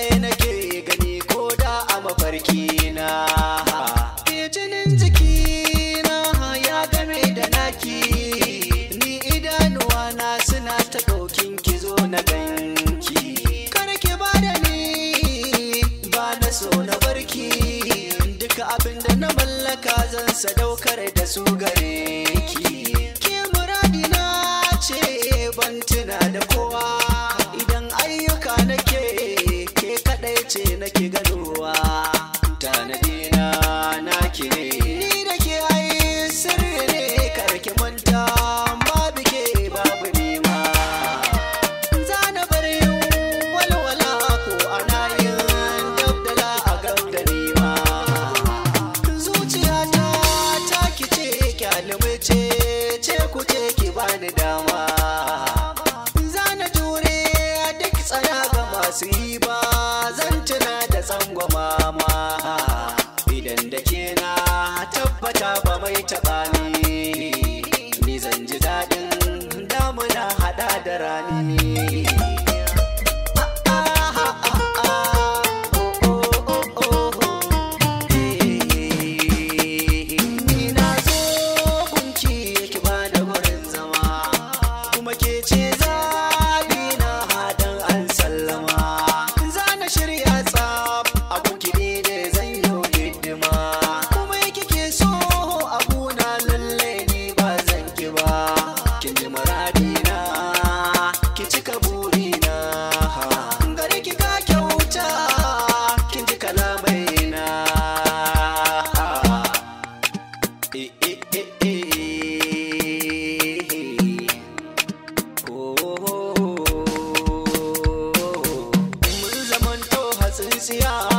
kaɗai nake gani ko da a mafarki na jinin jiki na ya game da naki ni idanuwa na suna ta ɗaukin kizo na ganki kar ki ba da ni ba na so na barki duka abin da na mallaka zan sadaukar da su gari bani dama zana jure duk tsana ga masu yi ba zan tuna da tsangwa ma idan da ke na tabbata ba mai taɓa ni ni zan ji daɗin damuna haɗa da rani zamanto see siya